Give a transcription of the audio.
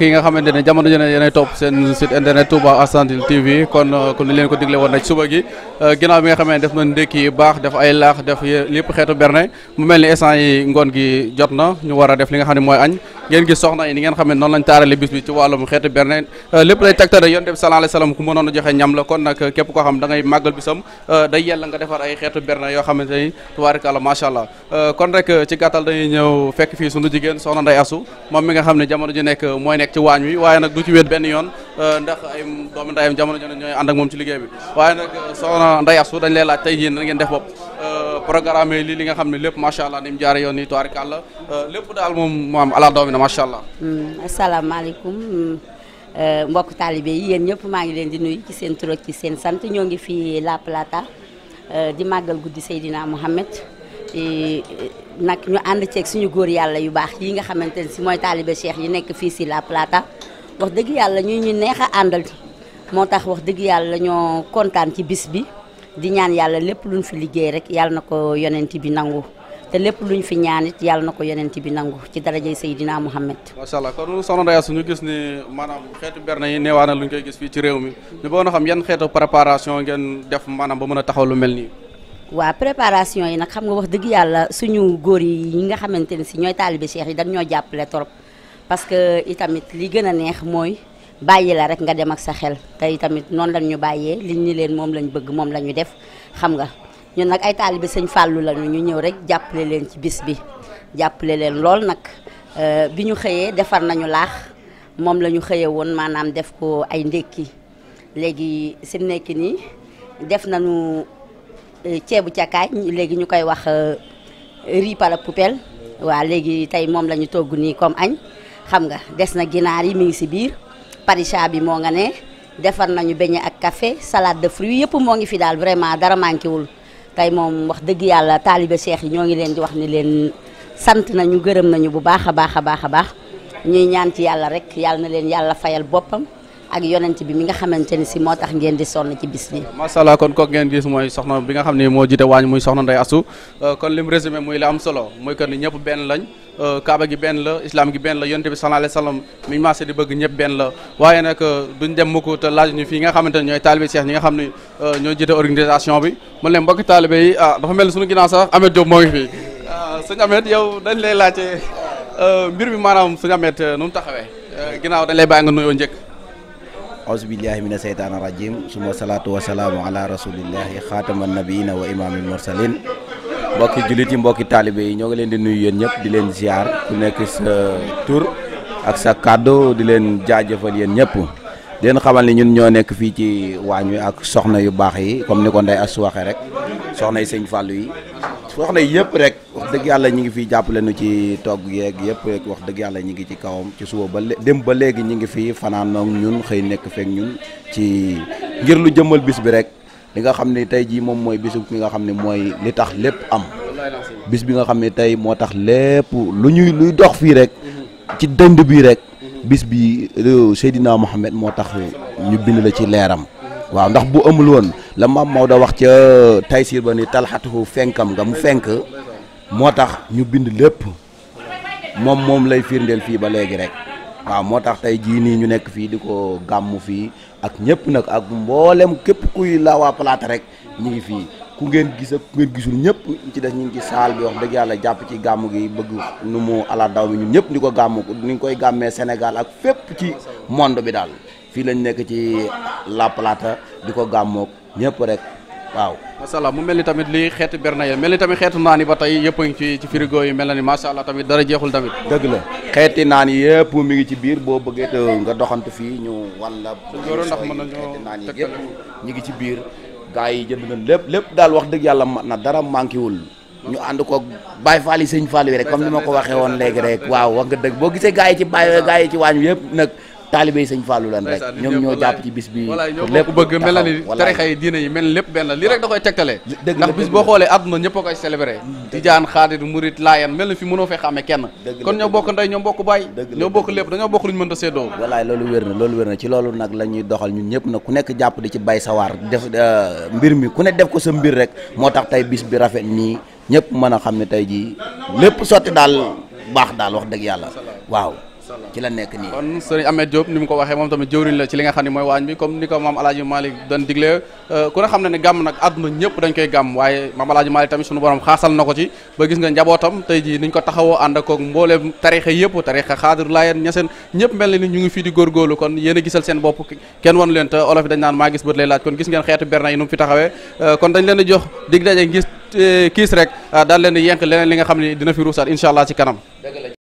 ki nga xamante ne jamono jëne yéenay topp seen site internet Touba Argentine TV kon uh, kon leen ko digle woon nag suba gi uh, ginnaaw bi nga xamee def na ndékki baax def ay laax def lépp xeetu berne mu mel ni instant yi ngoon gi jot na ñu war a def li nga xam ne mooy añ ngeen gis soxna yi ni ngeen xam ne noonu lañ taarale bis bi ci wàllum xeetu berne euh, lépp lay tegtale yonent bi sallallahu alayhi wasallam ku mënoon a joxe ñam la kon nag képp koo xam da ngay màggal bisam euh, day yella nga defar ay xeetu berne yoo xamante ni tubaarikàlla macha allah euh, kon rek ci gàttal dañuy ñëw fekk fii sunu jigéen soxna Ndeye Assou moom mi nga xam ne jamono ji nekk mooy nekk ci waañ wi waaye nag du ci wéet benn yoon ndax ay doomu ndeyam jamono ji ñooy ànd ak moom ci liggéey bi waaye nag soxna Ndeye Assou dañ tey jii na ngeen def bopp programme yi li nga xam ne lépp macha allah ni mu jaare yoon nii tubaarkàlla euh, lépp daal moom maam ala doomi na macha allah. Hmm, asalaamaaleykum hmm, euh, mbokk taalibe yi yéen ñëpp maa ngi leen di nuyu ci seen tur ci seen sant ñoo ngi fii La Plata euh, di màggal guddi Seydina Mohamed nag ñu ànd ceeg suñu góor yàlla yu baax yi nga xamante ne si mooy taalibe cheikh yi nekk fii si La Plata wax dëgg yàlla ñu ñu neex a àndal moo tax wax dëgg yàlla ñoo kontaan ci bis bi. di ñaan yàlla lépp lu ñu fi liggéey rek yàlla na ko yonent bi nangu te lépp lu ñu fi ñaan it yàlla na ko yonent bi nangu ci darajay Seydina Muhammad. macha allah kon soxna Ndeye Astou ñu gis ni maanaam xeetu berne yi neewaa na luñ koy gis fii ci réew mi ñu bëggoon a xam yan xeetu préparation ngeen def maanaam ba mën a taxaw lu mel nii. waaw préparation yi nag xam nga wax dëgg yàlla suñu góor yi ñi nga xamante ne si ñooy taalibe cheikh yi dañ ñoo jàppale torop parce que itamit li gën a neex mooy bàyyi la rek nga dem ak sa xel tey tamit noonu lañ ñu bàyyee liñ ñi leen moom lañu bëgg moom la def xam nga ñun nag ay bi sëñ Fàllu lañu ñu ñëw rek jàppale leen ci bis bi jàppale leen lool nag euh, bi ñu xëyee defar nañu laax moom la ñu xëyee woon maanaam def ko ay ndékki léegi si nekki nii def nañu euh, ceebu cakaay léegi ñu koy wax euh, riz par la waa léegi tey moom la ñu togg nii comme añ xam nga des na ginaar yi mu ngi si biir Parisha bi moo nga ne defar nañu beñe ak café salade de fruits yëpp moo ngi fi daal vraiment dara manqué wul tey moom wax dëgg yàlla taalibe seex yi ñoo ngi leen di wax ni leen sant nañu gërëm nañu bu baax a baax a baax a baax ñuy ñaanti yàlla rek yàlla na leen yàlla fayal boppam ak yonent bi mi nga xamante ni si moo tax ngeen di sonn ci bis bi macha allah kon kook ngeen gis mooy soxna bi nga xam ne moo jiite waañ muy soxna Ndeye Astou euh, kon lim résumé muy la am solo muy que ni ñëpp benn lañ Euh, kaaba gi benn la islam gi benn la yonent bi sallallahu alayhi wasallam mi ñu maase di bëgg ñëpp benn la waaye nag euh, duñ dem mukk te laaj ñu nga xamante ne ñooy taalibe Cheikh ñi nga xam ne euh, ñoo jiite organisation bi mun leen mbokki ah, dafa mel suñu ginnaaw sax Ameth Diop moo ngi ah, yow dañ lay laajte mbir mi maanaam sëñ Ameth nu mu taxawee ginnaaw dañ nuyoo njëkk aousubillahi mina sheytaan irajim suma salaatu wasalaamu ala rasulillahi xaatama nabiina wa imaamil mursalin mbokki jullit yi mbokki taalibe yi ñoo ngi leen di nuyu yéen ñëpp di leen ziar ku nekk sa tur ak sa kàddu di leen jaajëfal yéen ñëpp den xamal ni ñun ñoo nekk fii ci waañ wi ak soxna yu baax yi comme ni ko Ndeye su waxee rek soxna yi sëñ Fallou yi soxna yi yëpp rek wax dëgg yàlla ñi ngi fii jàppale nu ci togg yeeg yëpp rek wax dëgg yàlla ñi ngi ci kawam ci suba ba dem ba léegi ñi ngi fii fanaan ñun xëy nekk feek ñun ci ngir lu jëmal bis bi rek li nga xam ne tey jii moom mooy bisu ki nga xam ne mooy li tax lépp am bis bi nga xam ne tey moo tax lépp lu ñuy luy dox fii rek ci dënd bi rek bis bi Seydina Mohamed moo tax ñu bind la ci leeram waaw ndax bu amul woon la maam Maodo wax ca Taysir ba ni talxatuhu fenkam nga mu fenk moo tax ñu bind lépp moom moom lay firndeel fii ba léegi rek waaw moo tax tey jii nii ñu nekk fii di ko gàmmu fii ak ñëpp nag ak mboolem képp kuy la palaata rek ñu ngi fii ku ngeen gis ak ku ngeen gisul ñëpp ci des ñu ngi ci saal bi wax dëgg yàlla jàpp ci gàmm gi bëgg nu mu ala daw mi ñun ñëpp di ko gàmm ni ñu koy gàmmee Sénégal ak fépp ci monde bi daal fii lañ nekk ci La Plata di ko gàmmook ñëpp rek waaw macha mu mel ni tamit lii xeetu berna yi mel ni tamit xeetu naan yi ba tey yëpp a ngi ci ci frigo yi mel na ni macha allah tamit dara jeexul tamit dëgg la xeeti naan yi yëpp mi ngi ci biir boo bëggee te nga doxantu fii ñu walla ndax mën nañu xeeti naan yi ñu ngi ci biir gars yi jënd na lépp lépp daal wax dëgg yàlla mat na dara manqué wul ñu ànd ko Baye Fall yi sëñ Fall yi rek comme ni ma ko waxee woon léegi rek waaw wax nga dëgg boo gisee gars yi ci Baye gars yi ci waañ yëpp nag taalibé yi sëñ Fallou lan rek ñoom ñoo jàpp ci bis bi lépp bëgg mel ni tarixa yi yi mel ni lépp benn la rek da koy tegtalee ndax bis boo xoolee àdduna ñëpp a koy célébré tijaan xaadir murit laayan mel na fi mënoo fee xàmmee kenn kon ñoo bokk ndey ñoo bokk baay ñoo bokk lépp dañoo bokk luñ mën ta séddoo walaay loolu wér na loolu wér na ci loolu nag la doxal ñun ñëpp nag ku nekk jàpp di ci bay sawar def euh, mbir mi ku ne def ko sa mbir rek moo tax tey bis bi rafet nii ñëpp mën a xam ne tey jii lépp sotti daal baax daal wax dëgg yàlla waaw ci la nekk nii kon sëriñ Ahmed Diop ni mu ko waxee moom tamit jëwriñ la ci li nga xam ne mooy waañ bi comme ni ko maam alaaji Malick doon digle euh, ku ne xam ne ne gàmm na ñu ngi fii di góorgóorlu kon yéen a gis bët lay laaj kon gis ngeen xeetu berna yi nu mu fi taxawee euh, kon dañ leen di jox dig daje gis euh, kiis rek daal leen di yenk leneen li nga xam ne dina fi ruusaat incha ci kanam